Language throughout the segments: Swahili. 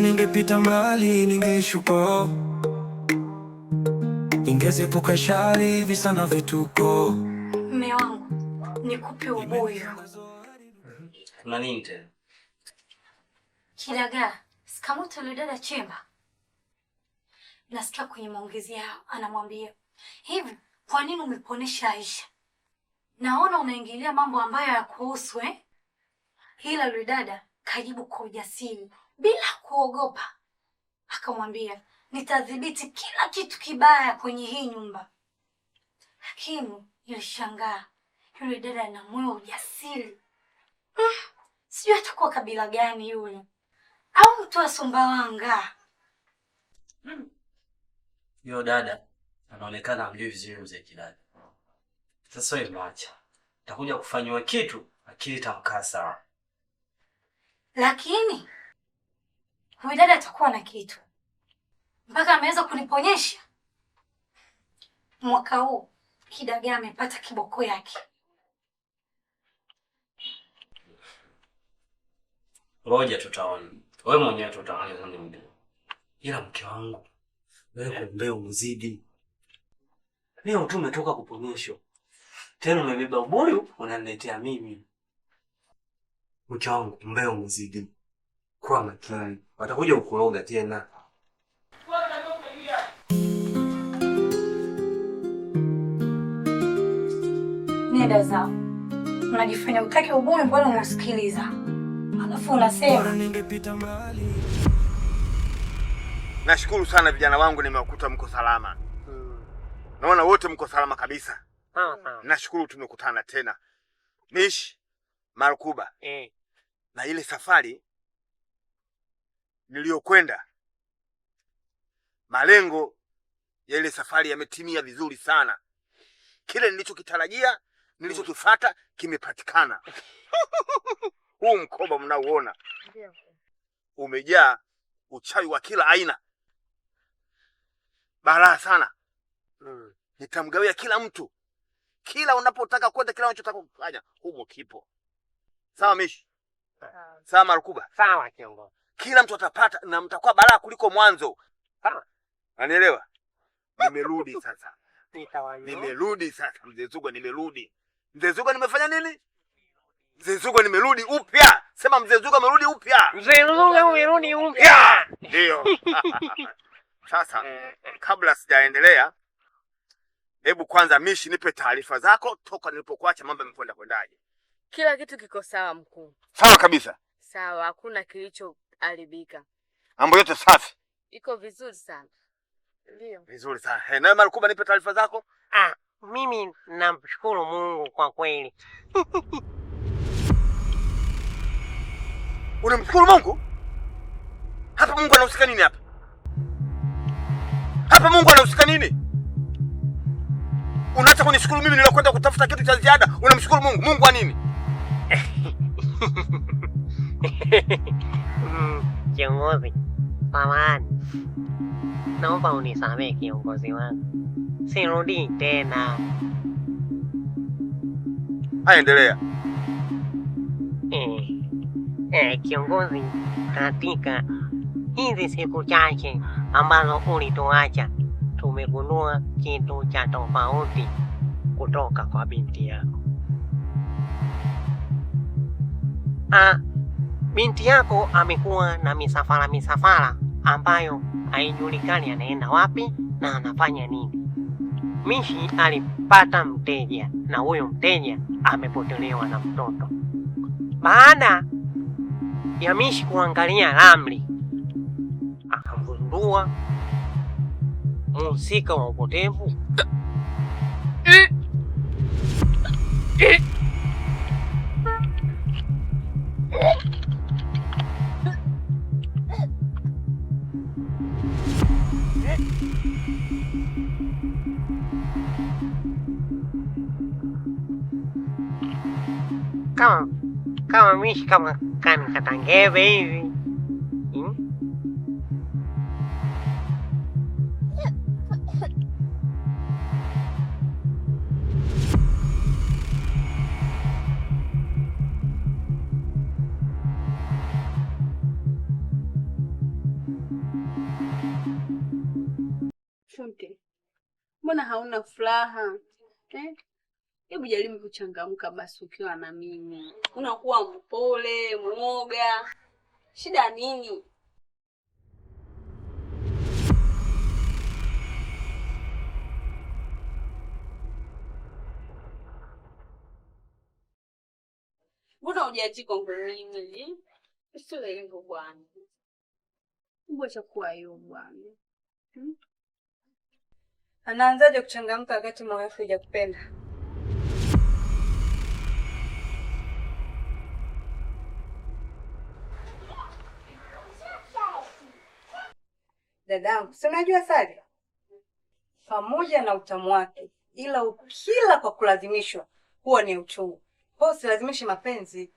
ningepita mbali, ningeshuko, ningezepuka shari hivi sana vituko. Mme wangu, nikupe ubuyu na nini tena? Kidagaa sikamoto ile dada Chemba, nasikia kwenye maongezi yao anamwambia hivi, kwa nini umeponesha Aisha? Naona unaingilia mambo ambayo hayakuhusu eh? Ila yule dada kajibu kwa ujasiri bila kuogopa. Akamwambia, nitadhibiti kila kitu kibaya kwenye hii nyumba. Hakimu nilishangaa, yule dada ana moyo ujasiri. Mm, sijui atakuwa kabila gani yule, au mtu wa Sumbawanga. Mm, dada anaonekana amjui vizuri mzee Kidada. Sasa imwacha takuja kufanyiwa kitu, akili tamkaa sawa, lakini Huyu dada atakuwa na kitu mpaka ameweza kuniponyesha. Mwaka huu Kidagaa amepata kiboko yake. Roja, tutaona, wewe mwenyewe tutaona, ila mke wangu wewe kumbe umzidi leo tu umetoka kuponyeshwa, tena umebeba ubuyu unaniletea mimi. Mke wangu mbeo umzidi kuwa makini, watakuja kukuroga tena. Nenda zao, unajifanya mbona unasikiliza alafu unasema Nashukuru sana vijana wangu, nimewakuta mko salama. Hmm, naona wote mko salama kabisa. Hmm. Nashukuru tumekutana tena. Mishi Marukuba, hmm, na ile safari niliyokwenda. Malengo ya ile safari yametimia vizuri sana. Kile nilichokitarajia, nilichokifata kimepatikana. Huu mkoba mnauona umejaa uchawi wa kila aina, balaa sana. Hmm. Nitamgawia kila mtu, kila unapotaka kwenda, kila unachotaka kufanya, humo kipo. Sawa hmm. Mishi? Sawa Marukuba? Sawa kiongozi kila mtu atapata na mtakuwa balaa kuliko mwanzo. Anielewa? Nimerudi sasa, nimerudi sasa, mzee Zugwa, nimerudi. Mzee Zugwa, nimefanya nini? Mzee Zugwa, nimerudi upya. Sema mzee Zugwa amerudi upya. Mzee Zugwa amerudi upya, ndio. Sasa eh, eh. kabla sijaendelea, hebu kwanza Mishi, nipe taarifa zako toka nilipokuacha, mambo yamekwenda kwendaje? Kila kitu kiko sawa mkuu? Sawa kabisa. Sawa, hakuna kilicho alibika. Mambo yote safi, iko vizuri sana. Ndio vizuri sana. Hey, eh, nawe Marukuba, nipe taarifa zako. Ah, mimi namshukuru Mungu kwa kweli. Unamshukuru Mungu? Hapa Mungu anahusika nini hapa? Hapa Mungu anahusika nini? Unaacha kunishukuru mimi nilikwenda kutafuta kitu cha ziada, unamshukuru Mungu. Mungu wa nini? Kiongozi samani, naomba unisamehe kiongozi wangu, sirudi tena. Aendelea. Eh, eh, kiongozi, katika hizi siku chache ambazo ulituacha tumegundua kitu cha tofauti kutoka kwa binti yako. Ah, binti yako amekuwa na misafara misafara ambayo haijulikani anaenda wapi na anafanya nini. Mishi alipata mteja na huyo mteja amepotelewa na mtoto. Baada ya Mishi kuangalia ramli, akagundua mhusika wa upotevu eh. Eh. kama mishi kama kanikatangeve hivi hmm? Mbona hauna furaha eh? Hebu jaribu kuchangamka basi, ukiwa na mimi unakuwa mpole, mwoga, shida nini? Mbona hujachika mimi? Sio hivyo bwana, acha kuwa hiyo bwana. Hmm? Anaanzaje kuchangamka wakati mwanamke hujakupenda? dadangu, si unajua Sari pamoja na utamu wake, ila ukila kwa kulazimishwa huwa ni uchungu. Kwa hiyo usilazimishe mapenzi.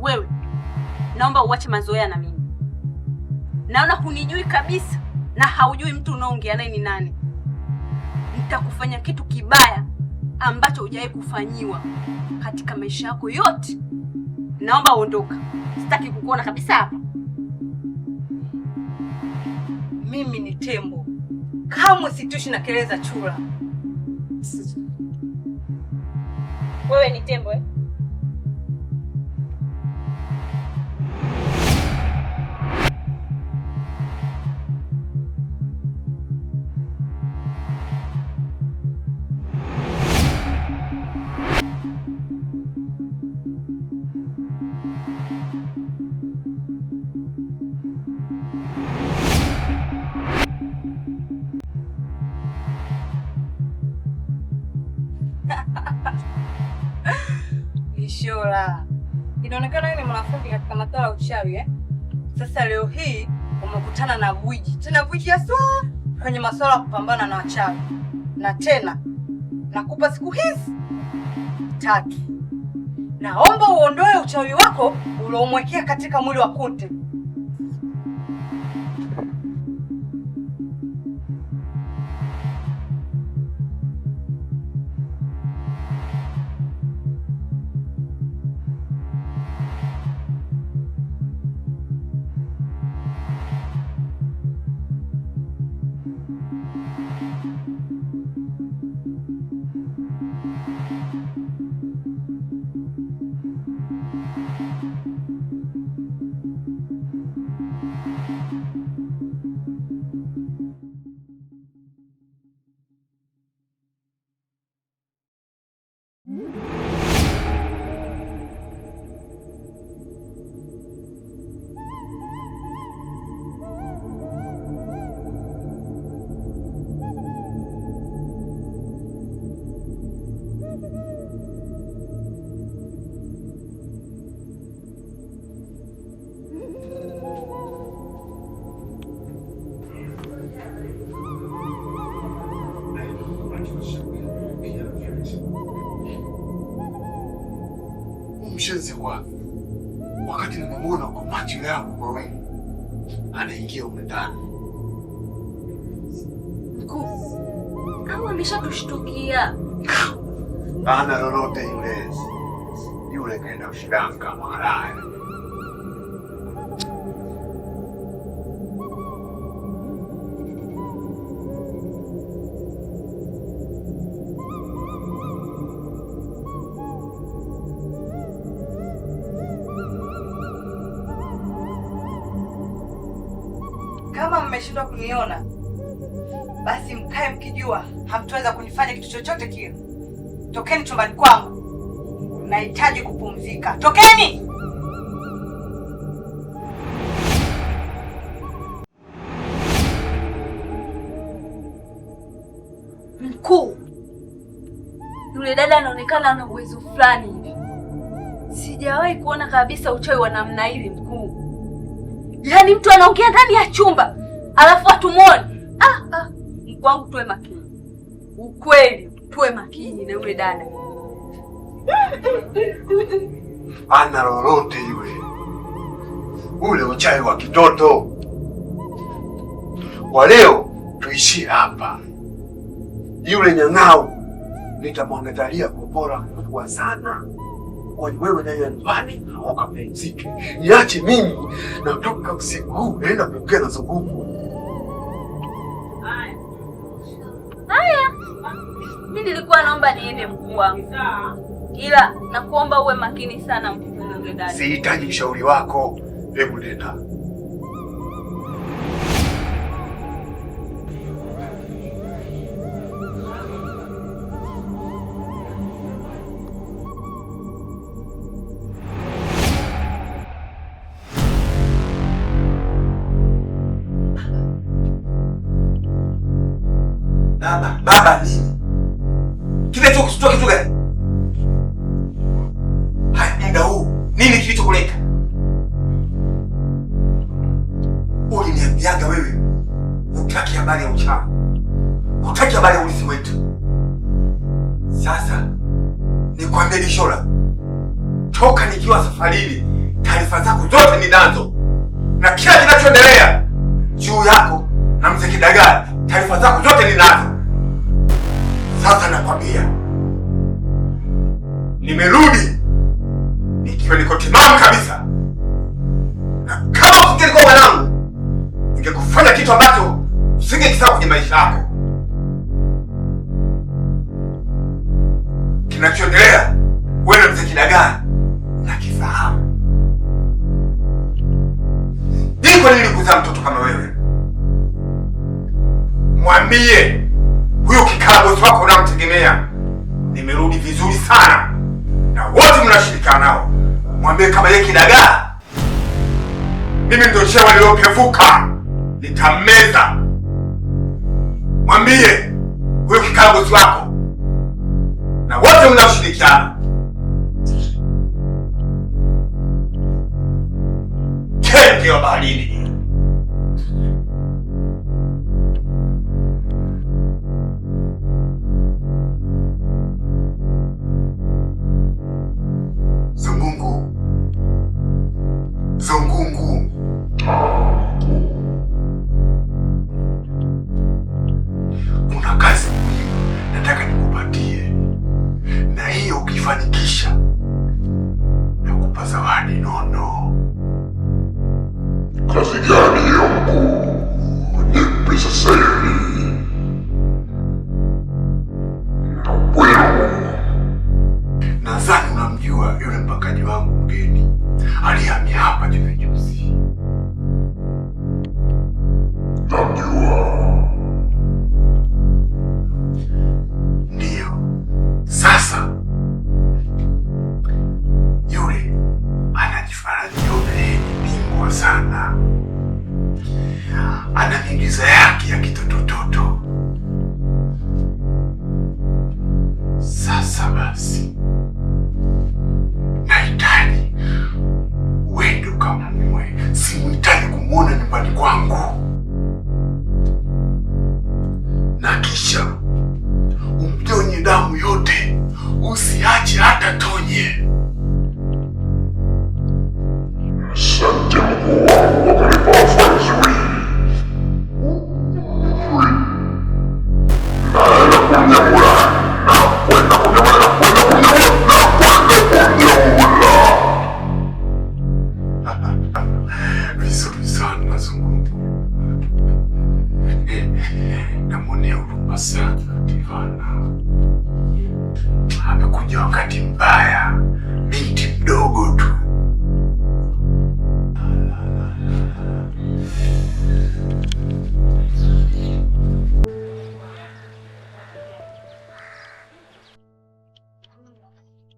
Wewe naomba uache mazoea na mimi, naona hunijui kabisa na haujui mtu unaongea naye ni nani. Nitakufanya kitu kibaya ambacho hujawahi kufanyiwa katika maisha yako yote. Naomba uondoka sitaki kukuona kabisa hapa. Mimi ni tembo, kamwe situshi na keleza chura. Wewe ni tembo eh? inaonekana ni mwanafunzi katika masuala ya uchawi eh? Sasa leo hii umekutana na gwiji, tena gwiji haswa kwenye masuala ya kupambana na wachawi, na tena nakupa siku hizi tatu, naomba uondoe uchawi wako uliomwekea katika mwili wa Kunte. mshenzi kwa wakati nimemwona kwa macho yangu mawili anaingia huko ndani. Kama ameshatushtukia ana lolote, yule yule kaenda kushindana kama malaya ameshindwa kuniona, basi mkae mkijua hamtuweza kunifanya kitu chochote kile. Tokeni chumbani kwangu, nahitaji kupumzika. Tokeni! Mkuu, yule dada anaonekana ana uwezo fulani hivi. Sijawahi kuona kabisa uchawi wa namna hili mkuu. Yaani mtu anaongea ndani ya chumba alafu hatumwoni. Ah, ah, mkuu wangu tuwe makini, ukweli tuwe makini na yule dada ana lolote yule, ule uchawi wa kitoto. Kwa leo tuishie hapa. Yule nyang'au nitamwangalia kwa ubora mkubwa sana. Wewe nenda nyumbani ukapumzike, niache mimi natoka usiku, naenda kuongea na Mimi nilikuwa naomba niende mkuu wangu, ila nakuomba uwe makini sana mkuu. Sihitaji ushauri wako, hebu nenda. David Shola, toka nikiwa safarini, taarifa zako zote ninazo na kila kinachoendelea juu yako na mzee Kidagala, taarifa zako zote ninazo. Sasa nakwambia, nimerudi nikiwa niko timamu kabisa, na kama usingelikuwa mwanangu, ningekufanya kitu ambacho usingekisahau kwenye maisha yako. Kinachoendelea kuzaa mtoto kama wewe. Mwambie huyo kikaa bosi wako unamtegemea, nimerudi vizuri sana na wote mnashirikiana nao. Mwambie kama yeye kidagaa, mimi ndio chewa niliopevuka, nitammeza. Mwambie huyo kikaa bosi wako na wote mnashirikiana. Kenge wa baharini. Yeah.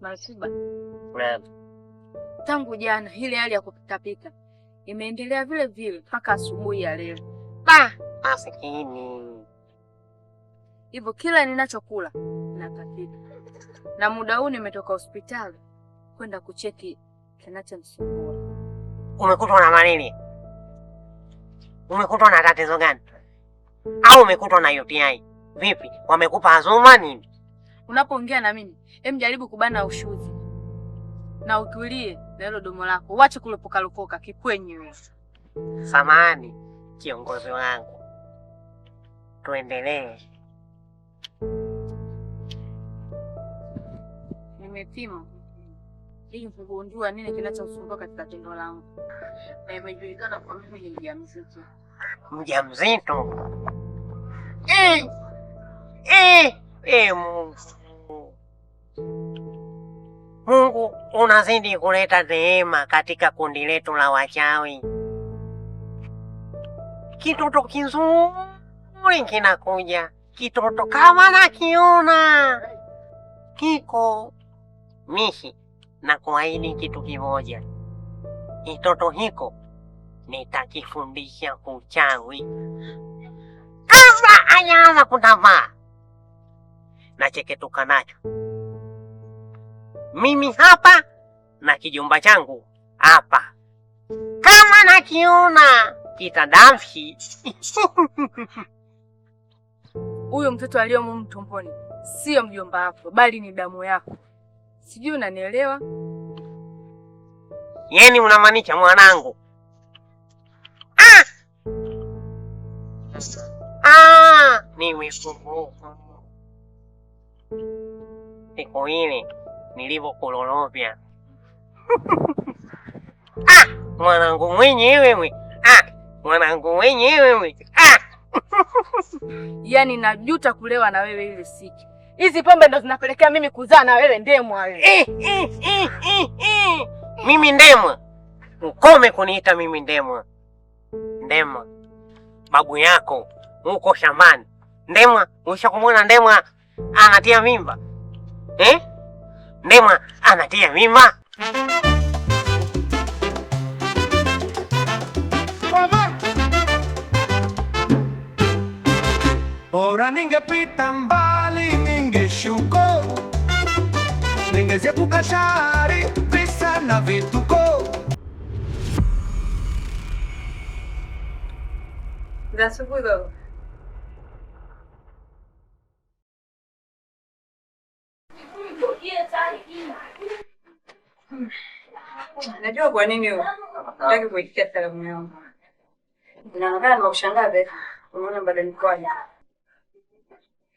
Masuba, tangu jana ile hali ya kupikapika imeendelea vile vile mpaka asubuhi ya leo. Hivyo kila ninachokula nakapika, na muda huu nimetoka hospitali kwenda kucheki kinachomsumbua. Umekutwa na malaria? Umekutwa na tatizo gani? Au umekutwa na UTI? Vipi, wamekupa azuma nini? Unapoongea na mimi, hem, jaribu kubana ushuzi na utulie na hilo domo lako, uache kulopokalopoka kikwenye wewe. Samani kiongozi wangu, tuendelee. Nimepima ili kugundua nini kinachosumbua katika tendo langu, na imejulikana kwa mimi ni mjamzito. Mjamzito eh eh E Mungu, Mungu unazidi kuleta neema katika kundi letu la wachawi. Kitoto kizuri kinakuja, kitoto kama nakiona kiko mishi na kuahidi kitu kimoja, kitoto hiko nitakifundisha kuchawi Kabla hajaanza kutambaa nacheketuka nacho mimi hapa na kijumba changu hapa, kama nakiona kitadamshi huyu mtoto aliyomumu tumboni siyo mjomba wako, bali ni damu yako. Sijui unanielewa? Yeni unamaanisha mwanangu? Ah! Ah! Nimekumbuka siku ile nilivyokulolovya. Ah, mwanangu mwenyewe mwe. Ah, mwanangu mwenyewe mwe. Ah. Yaani najuta kulewa na wewe ile siku. Hizi pombe ndo zinapelekea mimi kuzaa na wewe ndemwa wewe. Eh, eh, eh, eh, eh. Mimi ndemwa. Ukome kuniita mimi ndemwa. Ndemwa. Babu yako uko shambani. Ndemwa, ushakumwona ndemwa anatia mimba. Nem Vemos a Matías misma. Ora ninguém pitambali, ninguém chucou Ninguém se apucachari, pensa na vitucou do co. good Najua kwa nini unataka kuitikia salamu yangu. Naangaa na ushangaze, unaona bado niko hapa.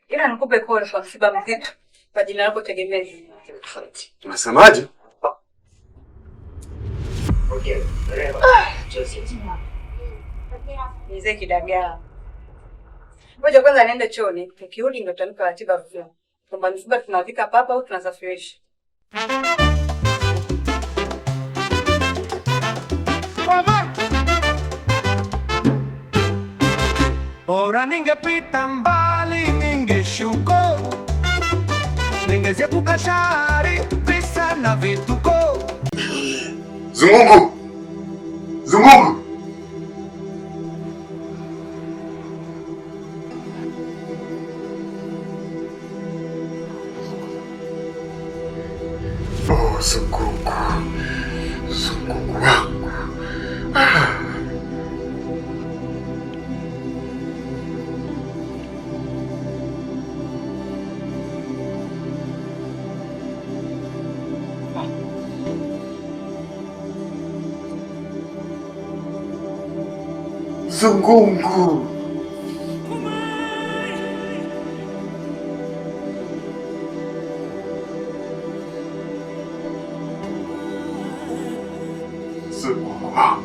Ila nikupe pole kwa msiba mzito kwa jina lako tegemezi. Unasemaje? Ah! Mzee kidagaa. Ngoja kwanza niende chooni, nikirudi ndo tutanipa ratiba vizuri. Kwamba msiba tunavika papa au tunasafirisha. bora ningepita mbali, ningeshuko, ningezepuka shari, pesa na vituko. Zunguku, zungu oh, zunguku. 孙悟空，悟空。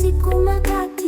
si kumakata